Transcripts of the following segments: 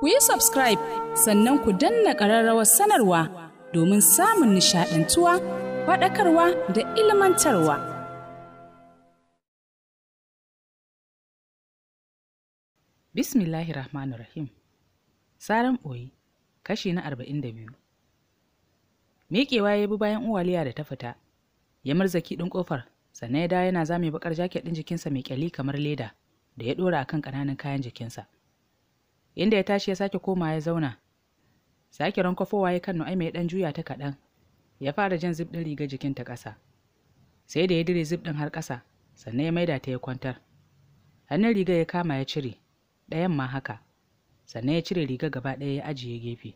ku yi subscribe sannan ku danna ƙararrawar sanarwa domin samun nishaɗantuwa faɗakarwa da ilmantarwa. Bismillahirrahmanirrahim Rahmanir Rahim Saran ɓoyi kashi na arba'in da biyu. Meƙewa ya bi bayan uwaliya da ta fita, ya marzaki ɗin ƙofar sannan ya dawo yana zame baƙar jaket ɗin jikinsa mai ƙyalli kamar leda da ya ɗora a kan ƙananan kayan jikinsa. inda ya tashi ya sake koma ya zauna sake rankofowa ya kan nu'aima mai dan juya ta kaɗan ya fara jan zip ɗin riga ta ƙasa sai da ya dire zip ɗin har ƙasa sannan ya maida ta ya kwantar hannun riga ya kama ya cire ɗayan ma haka sannan ya cire riga gaba ɗaya ya ajiye gefe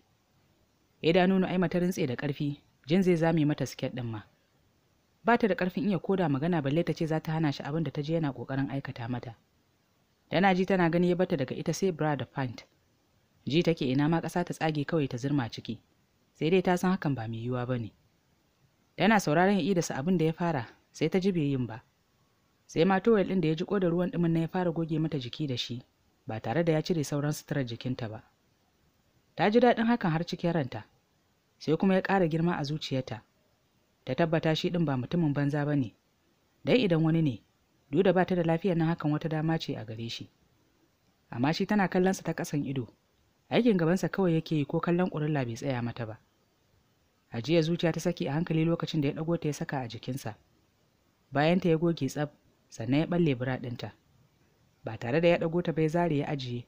idanu ai ta rintse da ƙarfi jin zai zame mata siket ɗin ma ba ta da ƙarfin iya koda magana balle ta ce za ta hana shi abin da ta je yana ƙoƙarin aikata mata. Yana ji tana gani ya bata daga ita sai bra da pant. ji take ina ma ƙasa ta tsage kawai ta zirma ciki sai dai ta san hakan ba mai yiwuwa ba ne tana sauraron ya idasa abin da ya fara sai ta ji bai yin ba sai ma towel ɗin da ya ji da ruwan ɗumin na ya fara goge mata jiki da shi ba tare da ya cire sauran suturar jikinta ba ta ji daɗin hakan har cikin ranta sai kuma ya ƙara girma a zuciyarta ta tabbata shi ɗin ba mutumin banza ba ne dai idan wani ne duk da ba ta da lafiyar nan hakan wata dama ce a gare shi amma shi tana kallonsa ta ƙasan ido aikin gabansa kawai yake yi ko kallon ƙurilla bai tsaya mata ba ajiya zuciya ta saki a hankali lokacin da ya ɗago ta ya saka a jikinsa bayan ta ya goge tsab sannan ya ɓalle bura ɗinta ba tare da ya ɗago ta bai zare ya ajiye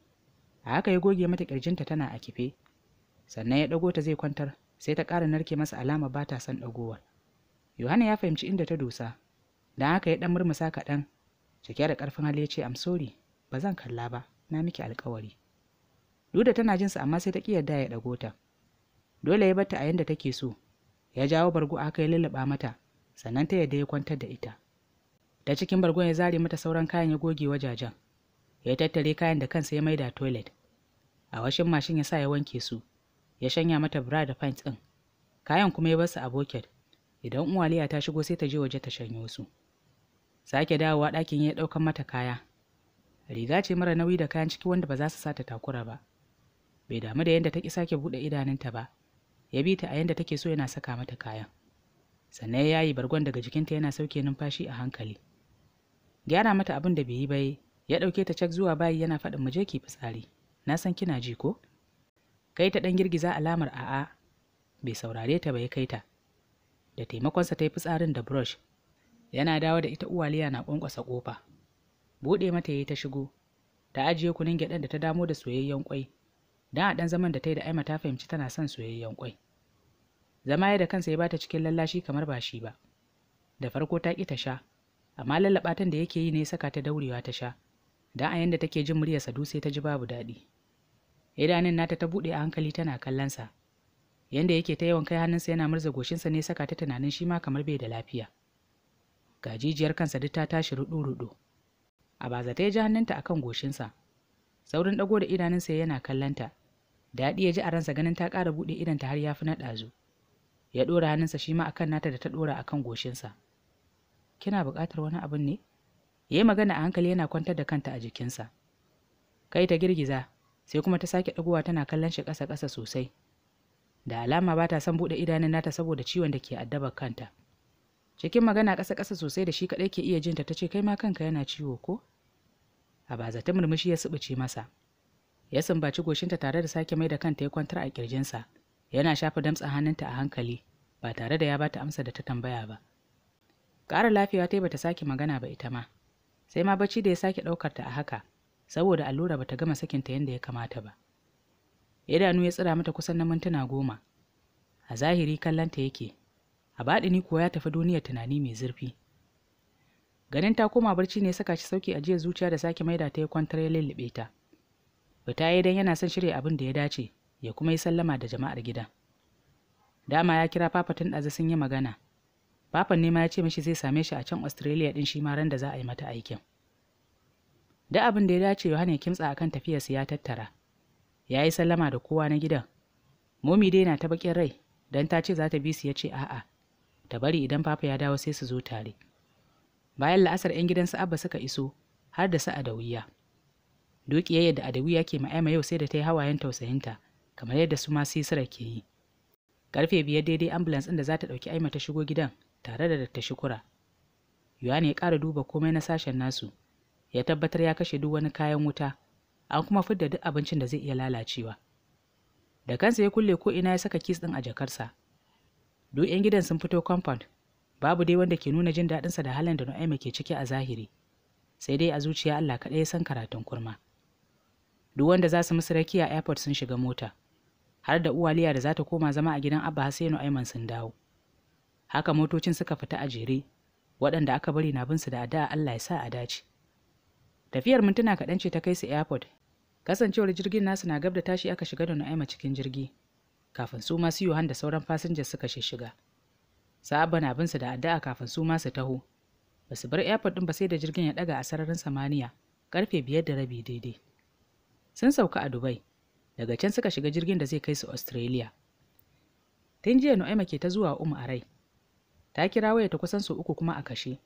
a haka ya goge mata ƙirjinta tana a kife sannan ya ɗago ta zai kwantar sai ta ƙara narke masa alama ba ta son ɗagowar yohana ya fahimci inda ta dosa don haka ya ɗan murmusa kaɗan cike da ƙarfin hali ya ce amsori, ba zan kalla ba na miki alkawari Duda tana jin su, amma sai ta ki yarda ya dago ta. Dole ya barta a yanda take so. Ya jawo bargo aka yi lulluɓa mata, sannan ta yarda ya kwantar da ita. Ta cikin bargon ya zare mata sauran kayan ya goge wajajen. Ya tattare kayan da kansa ya maida toilet. A washin mashin ya sa ya wanke su. Ya shanya mata bra da pants ɗin. Kayan kuma ya bar su a bucket. Idan uwaliya ta shigo sai ta je waje ta shanyo su. Sake dawowa ɗakin ya ɗaukan mata kaya. Riga ce mara nauyi da kayan ciki wanda ba za su sata takura ba. bai damu da yadda ta sake buɗe idanunta ba ya bi ta a yadda take so yana saka mata kayan sannan ya yayi bargon daga jikinta yana sauke numfashi a hankali gyara mata abin da bai yi ba ya ɗauke ta cak zuwa bayi yana faɗin mu je ki fitsari na san kina ji ko kai ta ɗan girgiza alamar a'a bai saurare ta ba ya kai ta da taimakonsa ta yi fitsarin da brush yana dawo da ita uwaliya na ƙwanƙwasa ƙofa buɗe mata ya yi ta shigo ta ajiye kunun gyaɗan da ta damo da soyayyen ƙwai dan a ɗan zaman da ta yi da aima ta fahimci tana son soyayyen kwai zama ya da kansa ya bata cikin lallashi kamar ba shi ba da farko ta ƙi ta sha amma lallaɓatan da yake yi ne ya saka ta daurewa ta sha dan a yanda take jin muryarsa dutse ta ji babu daɗi idanun nata ta buɗe a hankali tana kallonsa yanda yake ta yawan kai hannunsa yana murza goshinsa ne saka ta tunanin shi ma kamar bai da lafiya gajijiyar kansa duk ta tashi ruɗu-ruɗu a bazata ya ji hannunta akan goshinsa saurin ɗago da idanunsa yana kallanta daɗi ya ji a ransa ganin ta ƙara buɗe ta har ya fi na ɗazu ya ɗora hannunsa shi ma akan nata da ta ɗora akan goshinsa kina buƙatar wani abin ne ya yi magana a hankali yana kwantar da kanta a jikinsa kai ta girgiza sai kuma ta sake ɗagowa tana kallon shi ƙasa-ƙasa sosai da alama ba ta son buɗe idanun nata saboda ciwon da ke addabar kanta cikin magana ƙasa-ƙasa sosai da shi kaɗai ke iya jinta ta ce kai ma kanka yana ciwo ko a bazata murmushi ya subuce masa ya sumbaci goshinta tare da sake mai da kanta ya kwantar a kirjinsa yana shafa damtsa hannunta a hankali ba tare da ya bata amsa da ta tambaya ba ƙara lafiya ta bata sake magana ba ita ma sai ma bacci da ya sake ɗaukar ta a haka saboda allura bata gama sakinta yadda ya kamata ba idanu ya tsira mata kusan na mintuna goma a zahiri kallonta yake a baɗini kuwa ya tafi duniyar tunani mai zurfi ganin ta koma barci ne saka shi sauki a jiya zuciya da sake maida ta ya kwantar ya lullube ta fita idan dan yana son shirya abin da ya dace ya kuma yi sallama da jama'ar gidan dama ya kira papa tun ɗazu sun yi magana papan nema ya ce mashi zai same shi a can australia din shi ma ran da za a yi mata aikin da abin da ya dace yohana ya kimtsa akan sa ya tattara ya yi sallama da kowa na gidan momi dai na ta bakin rai dan ta ce za ta bi su ya ce a'a ta bari idan papa ya dawo sai su zo tare bayan la'asar 'yan gidan Sa'aba suka iso har da wuya. adawiya dukiyayyar da adawiya ke ma'aima yau sai da ta yi hawayen tausayinta kamar yadda su ma sisira ke yi karfe biyar daidai ambulance ɗin da za ta ɗauki aima ta shigo gidan tare da datta shukura yuwani ya ƙara duba komai na sashen nasu ya tabbatar ya kashe duk wani kayan wuta an kuma fidda duk abincin da zai iya lalacewa da kansa ya kulle ko ina ya saka kis ɗin a jakarsa duk 'yan gidan sun fito compound babu dai wanda ke nuna jin daɗinsa da halin da Nu'aima ke ciki a zahiri sai dai a zuciya Allah kaɗai ya san karatun kurma duk wanda za su musu rakiya airport sun shiga mota har da uwaliya da za ta koma zama a gidan Abba sai Nu'aiman sun dawo haka motocin suka fita a jere waɗanda aka bari na binsu da ada Allah ya sa a dace tafiyar mintuna kaɗan ce ta kai su airport kasancewar jirgin nasu na gab da tashi aka shiga da Nu'aima cikin jirgi kafin su ma su Yohan da sauran fasinja suka shiga. Sa'abba na da addu'a kafin su ma su taho. Ba su bar airport din ba sai da jirgin ya daga a sararin samaniya, karfe biyar da rabi daidai. Sun sauka a Dubai, daga can suka shiga jirgin da zai kai su Australia. Tun jiya Nu'aima ke ta zuwa Umu a rai. Ta kira waya ta kusan su uku kuma a kashe.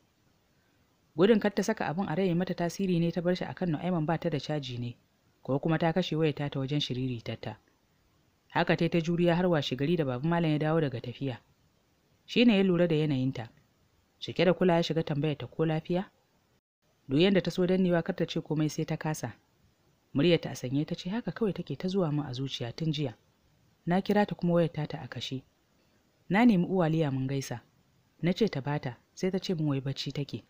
Gudun kar ta saka abin a rai mata tasiri ne ta bar shi akan Nu'aiman ba ta da caji ne, ko kuma ta kashe waya ta ta wajen shiriri tatta. Haka ta ta juriya har washe gari da babu malam ya dawo daga tafiya. Shi ne ya lura da yanayinta. Cike da kula ya shiga tambayar ta ko lafiya? Duk yanda ta so dannewa kar ta ce komai sai ta kasa. Muryarta a sanye ta ce haka kawai take ta zuwa mu a zuciya tun jiya. Na kira ta kuma wayar tata a kashe. Na nemi uwaliya mun gaisa. Na ce ta bata sai ta ce min wai bacci take.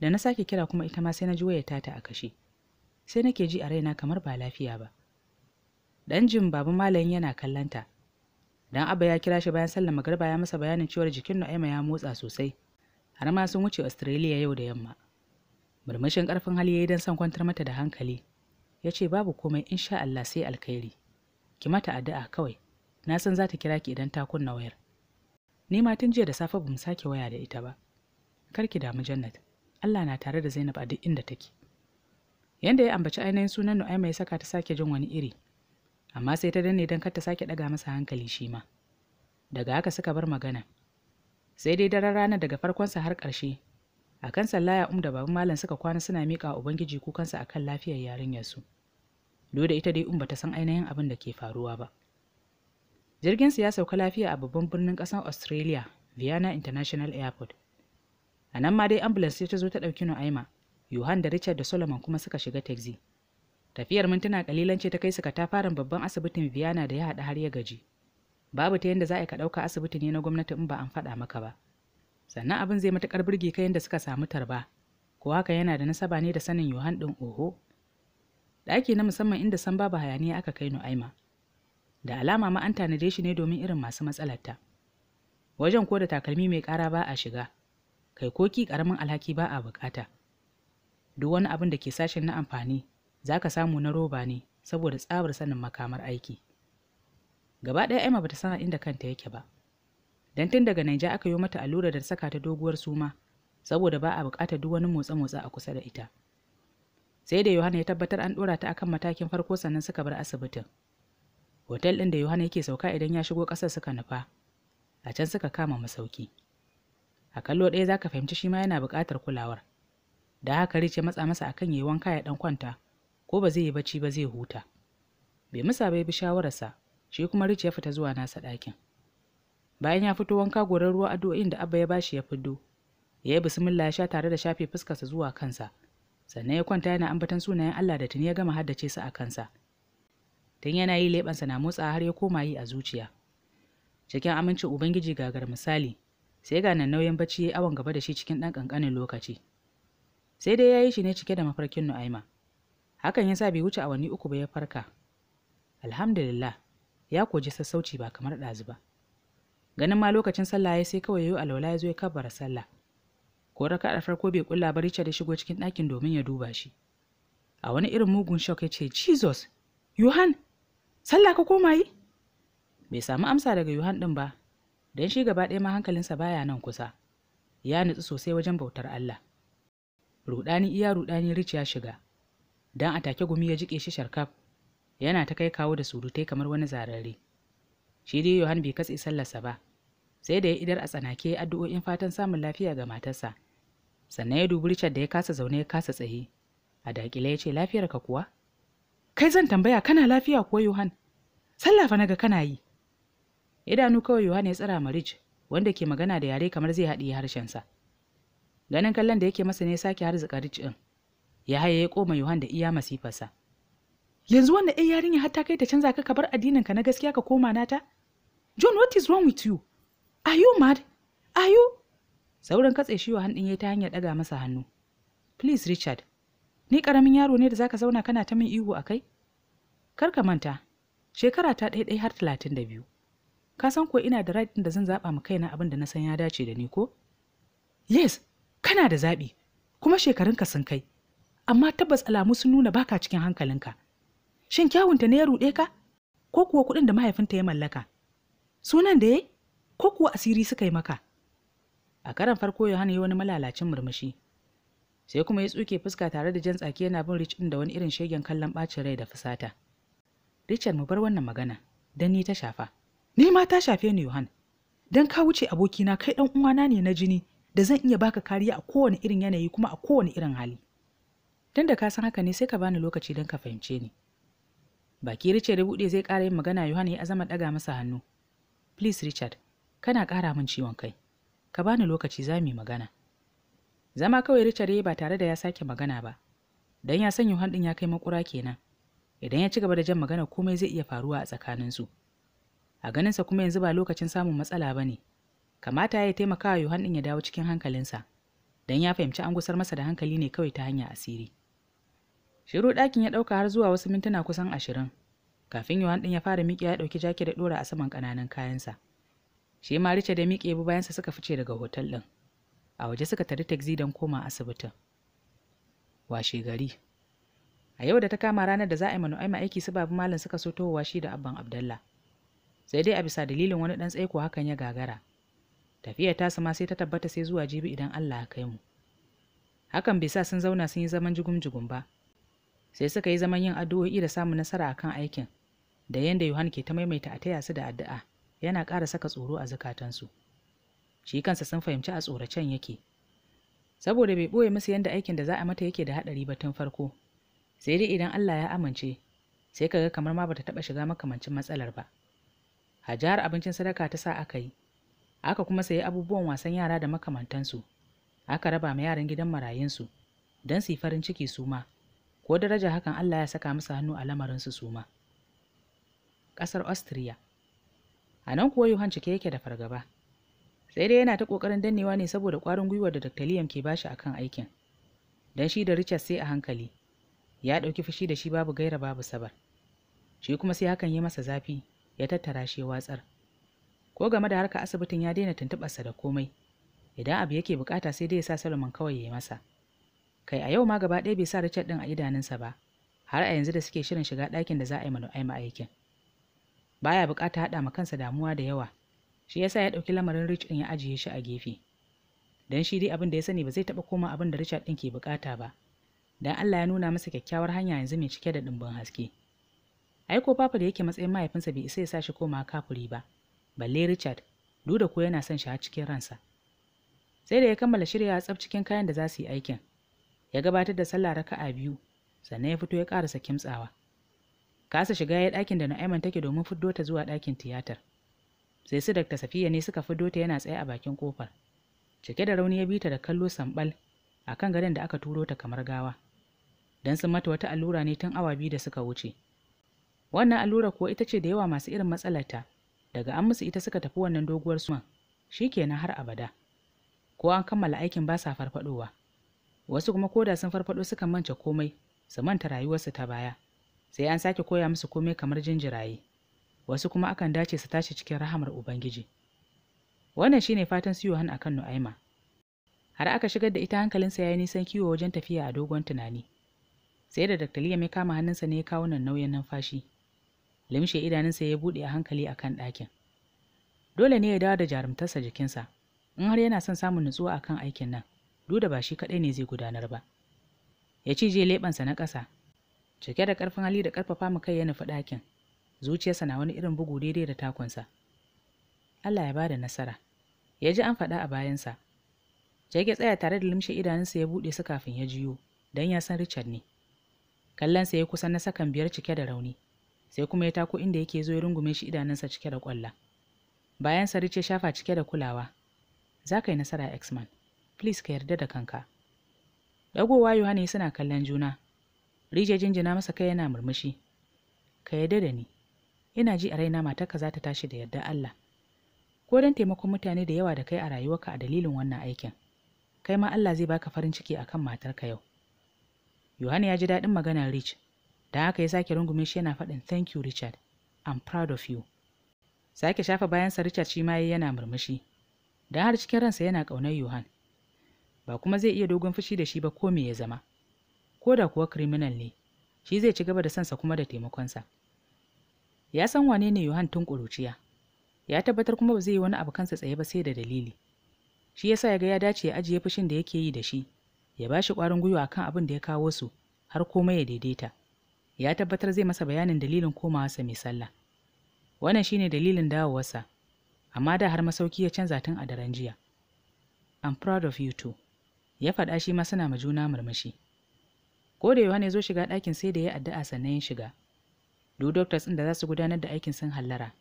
Da na sake kira kuma ita ma sai na ji wayar tata a kashe. Sai nake ji a raina kamar ba lafiya ba. Ɗan jin babu malam yana kallanta Dan Abba ya kira shi bayan sallar magariba ya masa bayanin cewar jikin Nu'aima ya motsa sosai. Har ma sun wuce Australia yau da yamma. Murmushin karfin hali yayi dan san kwantar mata da hankali. Ya ce babu komai insha Allah sai alkhairi. Ki mata addu'a kawai. Na san za ta kira ki idan ta kunna wayar. Ni ma tun jiya da safe bamu sake waya da ita ba. Kar ki damu Jannat. Allah na tare da Zainab a duk inda take. Yanda ya ambaci ainihin sunan Nu'aima ya saka ta sake jin wani iri. amma sai ta danne don kar ta sake ɗaga masa hankali shi ma daga haka suka bar magana sai dai daren rana daga farkonsa har ƙarshe a kan sallaya um da baban malam suka kwana suna miƙa a ubangiji kukansa a kan lafiyar yarinyarsu do da ita dai um bata san ainihin abin da ke faruwa ba jirginsu ya sauka lafiya a babban birnin ƙasar australia vienna international airport a nan ma dai ambulance ta zo ta ɗauki nu'aima yohan da richard da solomon kuma suka shiga taxi tafiyar mintuna kalilan ce ta kai su katafaren babban asibitin viana da ya haɗa har ya gaji babu ta yadda za a ka ɗauka asibiti ne na gwamnati in ba an faɗa maka ba sannan abin zai matuƙar burge ka yadda suka samu tarba ko haka yana da nasaba ne da sanin yohan ɗin oho ɗaki na musamman inda san babu hayaniya aka kai nu'aima da alama ma an tanade shi ne domin irin masu matsalarta wajen ko da takalmi mai ƙara ba a shiga kai koki ƙaramin alhaki ba a buƙata duk wani abin da ke sashen na amfani za ka samu na roba ne saboda tsabar sanin makamar aiki gaba ɗaya emma bata san inda kanta yake ba Don tun daga naija aka yi mata allurar da saka ta doguwar suma saboda ba a buƙatar duk wani motsa-motsa a kusa da ita sai da yohana ya tabbatar an ɗora ta akan matakin farko sannan suka bar asibitin hotel ɗin da yohana yake sauka idan ya shigo ƙasar suka nufa a can suka kama masauki a kallo ɗaya za ka fahimci shi ma yana buƙatar kulawar da haka rice matsa masa akan yayi wanka ya ɗan kwanta ko ba zai yi bacci ba zai huta bai musa bai bi shawararsa shi kuma rich ya fita zuwa nasa ɗakin bayan ya fito wanka goran ruwa addu'o'in da abba ya bashi ya fiddo ya yi bismillah ya sha tare da shafe fuskarsa zuwa kansa sannan ya kwanta yana ambaton sunayen Allah da tuni ya gama haddace su a kansa tun yana yi leɓensa na motsa har ya koma yi a zuciya cikin amincin ubangiji gagar misali sai ga nan nauyin bacci ya awon gaba da shi cikin ɗan ƙanƙanin lokaci sai dai ya yi shi ne cike da mafarkin nu'aima hakan ya sa bai wuce awanni uku ba ya farka alhamdulillah ya koji sassauci ba kamar ɗazu ba ganin ma lokacin sallah ya sai kawai yayi alwala ya zo ya kabbara sallah ko raka a farko bai kulla ba Richard ya shigo cikin ɗakin domin ya duba shi a wani irin mugun shock ya ce Jesus Yohan sallah ka koma yi bai samu amsa daga Yohan din ba dan shi gaba ɗaya ma hankalinsa baya nan kusa ya nutsu sosai wajen bautar Allah rudani iya rudani Rich ya shiga don a take gumi ya jiƙe shi sharkaf yana ta kai kawo da surutai kamar wani zarare shi dai yohan bai katse sallarsa ba sai da ya idar a tsanake addu'o'in fatan samun lafiya ga matarsa sannan ya dubi richard da ya kasa zaune ya kasa tsaye a dakile ya ce lafiyarka kuwa kai zan tambaya kana lafiya kuwa yohan sallah fa naga kana yi idanu kawai yohan ya tsara ma rich wanda ke magana da yare kamar zai haɗiye harshensa ganin kallon da yake masa ne sake harzuka rich ɗin ya haye ya koma yohan da iya masifarsa yanzu wanda ɗan yarinya har ta kai ta canza ka bar addinin ka na gaskiya ka koma nata john what is wrong with you are you mad are you saurin katse shi yohan ɗin ya ta hanyar ɗaga masa hannu please richard ni ƙaramin yaro ne da zaka zauna kana ta min ihu a kai kar ka manta shekara ta ɗaiɗai har talatin da biyu ka san ko ina da right da zan zaɓa ma kaina abin da na san ya dace da ni ko yes kana da zaɓi kuma shekarunka sun kai amma tabbas alamu sun nuna baka cikin hankalinka shin kyawunta ne ya ruɗe ka ko kuwa kuɗin da mahaifinta ya mallaka sunan da ya ko kuwa asiri suka yi maka a karan farko yohana ya wani malalacin murmushi sai kuma ya tsuke fuska tare da jan tsaki yana bin rich da wani irin shegen kallon ɓacin rai da fusata richard mu bar wannan magana dan ni ta shafa ni ma ta shafe ni yohan dan ka wuce abokina kai dan uwana ne na jini da zan iya baka kariya a kowane irin yanayi kuma a kowane irin hali tun da ka san haka ne sai ka bani lokaci don ka fahimce ni baki richard ya buɗe zai ƙara yin magana yohana ya azama ɗaga masa hannu please richard kana ƙara min ciwon kai ka bani lokaci za mu magana zama kawai richard ya yi ba tare da ya sake magana ba Dan ya san yohan ɗin ya kai makura kenan idan ya ci gaba da jan magana komai zai iya faruwa a tsakaninsu a ganinsa kuma yanzu ba lokacin samun matsala ba ne kamata ya taimaka wa yohan ɗin ya dawo cikin hankalinsa Dan ya fahimci an gusar masa da hankali ne kawai ta hanya asiri shiru ɗakin ya ɗauka har zuwa wasu mintuna kusan ashirin kafin yohan ɗin ya fara miƙe ya ɗauki jaki da ɗora a saman ƙananan kayansa shi ma rice da miƙe bi bayansa suka fice daga hotel ɗin a waje suka tari taxi don koma asibitin washe gari a yau da ta kama ranar da za a yi manu'aima aiki su babu malam suka so tohowa shi da abban abdallah sai dai a bisa dalilin wani ɗan tsaiko hakan ya gagara tafiya ta ma sai ta tabbata sai zuwa jibi idan allah ya kai mu hakan bai sa sun zauna sun yi zaman jugum-jugum ba sai suka yi zaman yin addu'o'i da samun nasara a kan aikin da yadda Yohan ke ta maimaita a taya su da addu'a yana ƙara saka tsoro a zukatansu shi kansa sun fahimci a tsoracen yake saboda bai ɓoye musu yanda aikin da za a mata yake da haɗari ba tun farko sai dai idan Allah ya amince sai ka ga kamar ma bata taɓa shiga makamancin matsalar ba hajar abincin sadaka ta sa aka yi aka kuma sayi abubuwan wasan yara da makamantansu aka raba ma yaran gidan marayunsu don su yi farin ciki su ma ko daraja hakan Allah ya saka musu hannu a lamarinsu su ma. Ƙasar Austria A nan kuwa Yohan cike yake da fargaba. Sai dai yana ta ƙoƙarin dannewa ne saboda ƙwarin gwiwar da Dr. Liam ke bashi kan aikin. Dan shi da Richard sai a hankali. Ya ɗauki fushi da shi babu gaira babu sabar. Shi kuma sai hakan ya masa zafi, ya tattara shi watsar. Ko game da harka asibitin ya daina tuntuɓarsa da komai. Idan abu yake bukata sai dai ya sa Solomon kawai ya yi masa. kai a yau ma gaba ɗaya bai sa Richard ɗin a idanunsa ba har a yanzu da suke shirin shiga ɗakin da za a yi manu'aima aikin baya bukata haɗa ma kansa damuwa da yawa shi yasa ya ɗauki lamarin Rich ɗin ya ajiye shi a gefe dan shi dai abin da ya sani ba zai taɓa koma abin da Richard ɗin ke buƙata ba dan Allah ya nuna masa kyakkyawar hanya yanzu mai cike da ɗumbin haske Ai ko papa da yake matsayin mahaifinsa bai isa ya sa shi koma kafuri ba balle Richard duk da ko yana son shi a cikin ransa sai da ya kammala shirya tsaf cikin kayan da za su yi aikin ya gabatar da sallah raka'a biyu sannan ya fito ya ƙarasa kimtsawa kasa shiga ya ɗakin da Nu'aiman take domin fiddo ta zuwa ɗakin tiyatar sai su Dr. Safiya ne suka fiddo ta yana tsaye a bakin kofar cike da rauni ya bi ta da kallo sambal akan garin da aka turo ta kamar gawa dan sun mata wata allura ne tun awa biyu da suka wuce wannan allura kuwa ita ce da yawa masu irin matsalarta daga an musu ita suka tafi wannan doguwar suma kenan har abada ko an kammala aikin ba sa farfadowa wasu kuma koda sun farfado suka manta komai su manta rayuwarsu ta baya sai an sake koya musu komai kamar jinjiraye wasu kuma akan dace su tashi cikin rahamar ubangiji wannan shine fatan su yohan akan nu'aima har aka shigar da ita hankalinsa ya yi nisan kiwo wajen tafiya a dogon tunani sai da dr liya mai kama hannunsa ne ya kawo nan nauyin numfashi limshe idanunsa ya buɗe a hankali akan ɗakin dole ne ya dawo da jarumtarsa jikinsa in har yana son samun nutsuwa akan aikin nan duda ba shi kaɗai ne zai gudanar ba ya cije leɓansa na ƙasa cike da ƙarfin hali da ƙarfafa mu kai ya nufi ɗakin zuciyarsa na wani irin bugu daidai da takunsa Allah ya ba da nasara ya ji an faɗa a bayansa jage tsaya tare da limshe idanunsa ya buɗe su kafin ya jiyo don ya san Richard ne kallonsa ya kusa na sakan biyar cike da rauni sai kuma ya tako inda yake zo ya rungume shi idanunsa cike da ƙwalla bayansa Richard shafa cike da kulawa za ka yi nasara X-Man please ka yarda da kanka dagowa Yohani suna kallon juna rije jinjina masa kai yana murmushi ka yarda da ni ina ji a raina matarka za ta tashi da yarda Allah ko don taimakon mutane da yawa da kai a rayuwarka a dalilin wannan aikin kai ma Allah zai baka farin ciki akan ka yau Yohana ya ji daɗin maganar Rich don haka ya sake rungume shi yana faɗin thank you Richard I'm proud of you sake shafa bayansa Richard shi ma yana murmushi don har cikin ransa yana ƙaunar Yohan ba kuma zai iya dogon fushi da shi ba ko me ya zama ko da kuwa criminal ne shi zai ci gaba da sansa kuma da taimakonsa ya san wane ne yohan tun ƙuruciya ya tabbatar kuma ba zai yi wani abu kansa tsaye ba sai da dalili shi yasa ya ga ya dace ya ajiye fushin da yake yi da shi ya ba shi ƙwarin gwiwa akan abin da ya kawo su har komai ya daidaita ya tabbatar zai masa bayanin dalilin komawarsa mai sallah wannan shine dalilin dawowarsa amma da har masauki ya canza tun a daren jiya I'm proud of you too. ya faɗa shi ma suna ma juna murmushi ko da yawa ne zo shiga ɗakin sai da ya addu'a sannan ya shiga duk doctors ɗin da za su gudanar da aikin sun hallara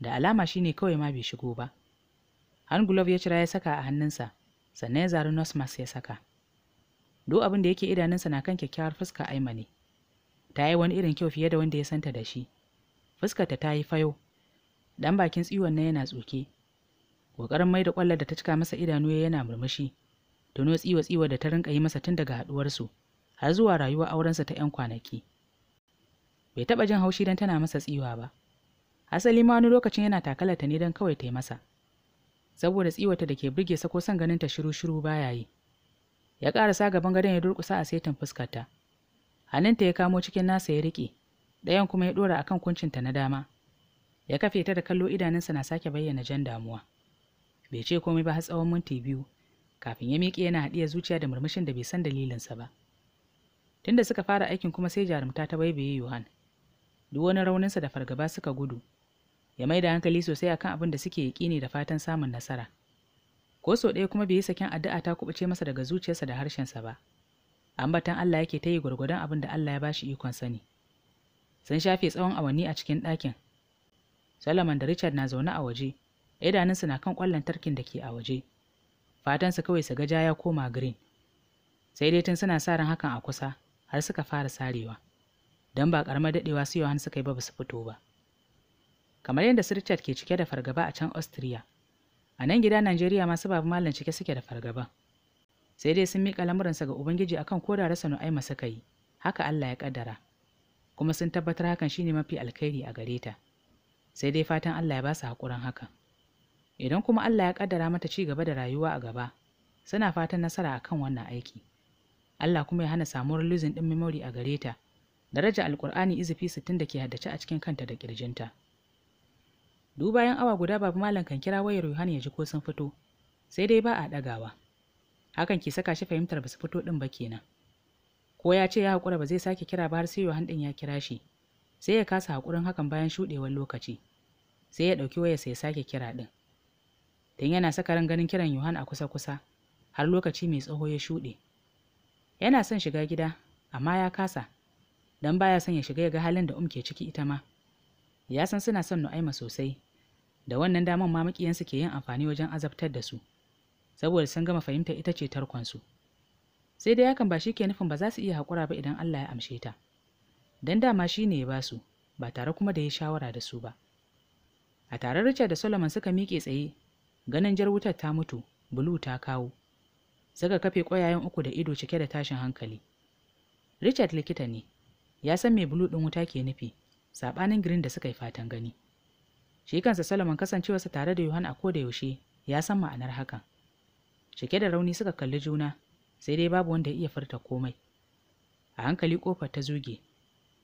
da alama shine kawai ma bai shigo ba hand glove ya cira ya saka a hannunsa sannan ya zari nurse mask ya saka duk abin da yake idanunsa na kan kyakkyawar fuska aima ne ta yi wani irin kyau fiye da wanda ya santa da shi fuskarta ta yi fayo dan bakin tsiwon na yana tsoke ƙoƙarin mai da ƙwallar da ta cika masa idanu yana murmushi tuno tsiwa-tsiwa da ta rinka yi masa tun daga haɗuwarsu har zuwa rayuwa aurensa ta 'yan kwanaki. Bai taɓa jin haushi don tana masa tsiwa ba. Asali ma wani lokacin yana ta ne don kawai ta yi masa. Saboda tsiwata da ke burge sa ko son ganin ta shiru-shiru baya yi. Ya karasa gaban gadon ya durkusa a saitin fuskarta. Hannunta ya kamo cikin nasa ya rike ɗayan kuma ya dora akan kan ta na dama. Ya kafe ta da kallo idanunsa na sake bayyana jan damuwa. Bai ce komai ba har tsawon minti biyu, kafin ya miƙe yana haɗiya zuciya da murmushin da bai san dalilinsa ba tunda suka fara aikin kuma sai jarumta ta baibaye yohan duk wani rauninsa da fargaba suka gudu ya mai da hankali sosai akan abin da suke yaƙini da fatan samun nasara ko sau ɗaya kuma bai yi saken addu'a ta kuɓuce masa daga zuciyarsa da harshensa ba ambatan Allah yake ta yi gwargwadon abin da Allah ya bashi ikon sani sun shafe tsawon awanni a cikin ɗakin Solomon da Richard na zaune a waje idanunsu na kan ƙwallon tarkin da ke a waje. fatansa kawai su gaja ya koma green sai dai tun suna sa ran hakan a kusa har suka fara sarewa don ba karamar dadewa su yohan suka yi ba su fito ba kamar yadda sir richard ke cike da fargaba a can austria a nan gida najeriya masu babu malam cike suke da fargaba sai dai sun miƙa lamuransa ga ubangiji akan ko da rasa nu'aima suka yi haka allah ya kaddara kuma sun tabbatar hakan shine mafi alkhairi a gare ta sai dai fatan allah ya ba su haƙurin hakan idan kuma Allah ya kaddara mata ci gaba da rayuwa a gaba suna fatan nasara akan wannan aiki Allah kuma ya hana samuwar losing din memory a gare ta daraja Alƙur'ani izifi 60 da ke haddace a cikin kanta da kirjinta duba yan awa guda babu malam kan kira wayar Yohana ya ji ko sun fito sai dai ba a dagawa hakan ke saka shi fahimtar ba su fito din ba kenan ko ya ce ya hakura ba zai sake kira ba har sai Yohan din ya kira shi sai ya kasa hakurin hakan bayan shudewar lokaci sai ya dauki wayar sai ya sake kira din don yana saka ran ganin kiran Yohan a kusa-kusa har lokaci mai tsawo ya shuɗe. Yana son shiga gida, amma ya kasa, don baya son ya shiga ya ga halin da umke ciki ita ma. Ya san suna son Nu'aima sosai, da wannan daman ma maƙiyansu ke yin amfani wajen azabtar da su, saboda sun gama fahimta ita ce tarkonsu. Sai dai hakan ba shi ke nufin ba za su iya haƙura ba idan Allah ya amshe ta. Don dama shi ne ya ba su, ba tare kuma da ya shawara da su ba. A tare Richard da Solomon suka miƙe tsaye ganin jar wutar ta mutu bulu ta kawo saka kafe ƙwayayen uku da ido cike da tashin hankali richard likita ne ya san me bulu ɗin wuta ke nufi saɓanin girin da suka yi fatan gani shi kansa solomon kasancewarsa tare da yohan a koda yaushe ya san ma'anar hakan cike da rauni suka kalli juna sai dai babu wanda ya iya furta komai a hankali kofar ta zuge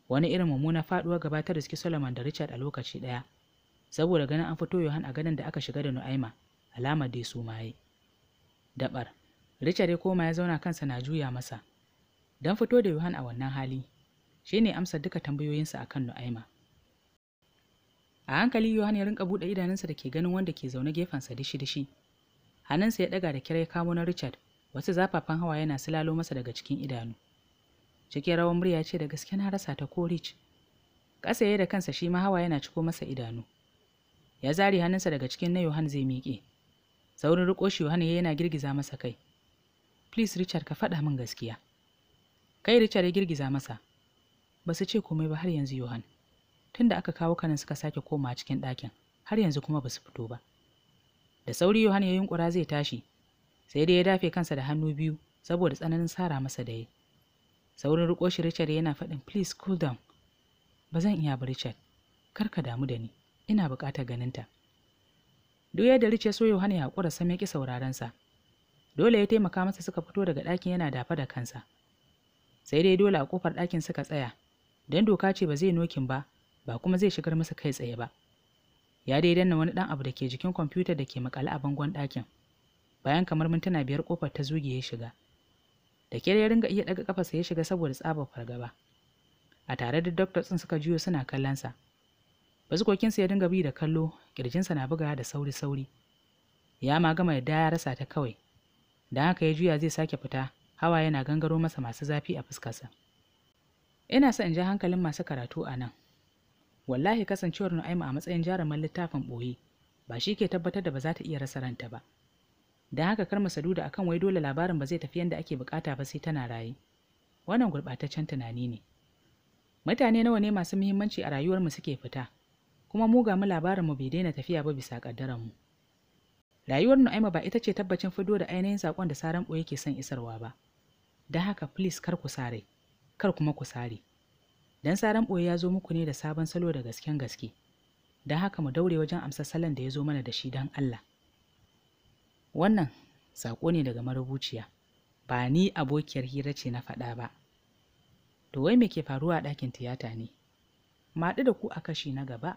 wani irin mummuna faduwa gabatar da suke solomon da richard a lokaci ɗaya saboda ganin an fito yohan a ganin da aka shiga da nu'aima alamar dai su maye dabar richard ya koma ya zauna kansa na juya masa don fito da yohan a wannan hali shi ne amsa duka tambayoyinsa a kan nu'aima a hankali yohan ya rinka buɗe idanunsa da ke ganin wanda ke zaune gefensa dishi-dishi hannunsa ya ɗaga da kira ya kamo na richard wasu zafafan hawa yana silalo masa daga cikin idanu cikin rawan murya ce da gaske na rasa ta ko rich ƙasa ya da kansa shi ma hawa yana ciko masa idanu ya zari hannunsa daga cikin na yohan zai miƙe Saurin riko shi Yohana yana girgiza masa kai. Please Richard ka faɗa min gaskiya. Kai Richard ya girgiza masa. Ba su ce komai ba har yanzu Yohan. Tunda aka kawo kanin suka sake koma cikin ɗakin, har yanzu kuma ba su fito ba. Da sauri Yohan ya yunkura zai tashi, sai dai ya dafe kansa da hannu biyu saboda tsananin sara masa da yi. Saurin riko shi Richard yana faɗin please cool down. Ba zan iya ba Richard, kar ka damu da ni, ina buƙatar ganinta. duk yadda rice so yohana ya haƙura sam ya ƙi sa. dole ya taimaka masa suka fito daga ɗakin yana dafa da kansa sai dai dole a ƙofar ɗakin suka tsaya don doka ce ba zai nokin ba ba kuma zai shigar masa kai tsaye ba ya dai danna wani ɗan abu da ke jikin kwamfutar da ke makale a bangon ɗakin bayan kamar mintuna biyar ƙofar ta zuge ya shiga da kyar ya ringa iya ɗaga ƙafarsa ya shiga saboda tsabar fargaba a tare da doktor ɗin suka juyo suna sa. Bazukokinsa ya dinga bi da kallo, ƙirjinsa na buga da sauri-sauri. Ya ma gama yadda ya rasa ta kawai. Da haka ya juya zai sake fita, hawa yana gangaro masa masu zafi a fuskarsa. Ina so in ja hankalin masu karatu a nan. Wallahi kasancewar Nu'aima a matsayin jaruman littafin ɓoye ba shi ke tabbatar da ba za ta iya rasa ranta ba. Da haka kar masadu da akan wai dole labarin ba zai tafi yadda ake bukata ba sai tana raye. Wannan gurɓataccen tunani ne. Mutane nawa ne masu muhimmanci a rayuwarmu suke fita, kuma mu ga mu labarin mu bai daina tafiya ba bisa mu Rayuwar Nu'aima ba ita ce tabbacin fido da ainihin sakon da saran ɓoye ke son isarwa ba. Don haka please kar ku sare, kar kuma ku sare. dan saran ɓoye ya zo muku ne da sabon salo da gasken gaske. Don haka mu daure wajen amsa salon da ya zo mana da shi don Allah. Wannan sako ne daga marubuciya. Ba ni abokiyar hira ce na faɗa ba. To wai me ke faruwa a ɗakin tiyata ne? Maɗu da ku a kashi na gaba.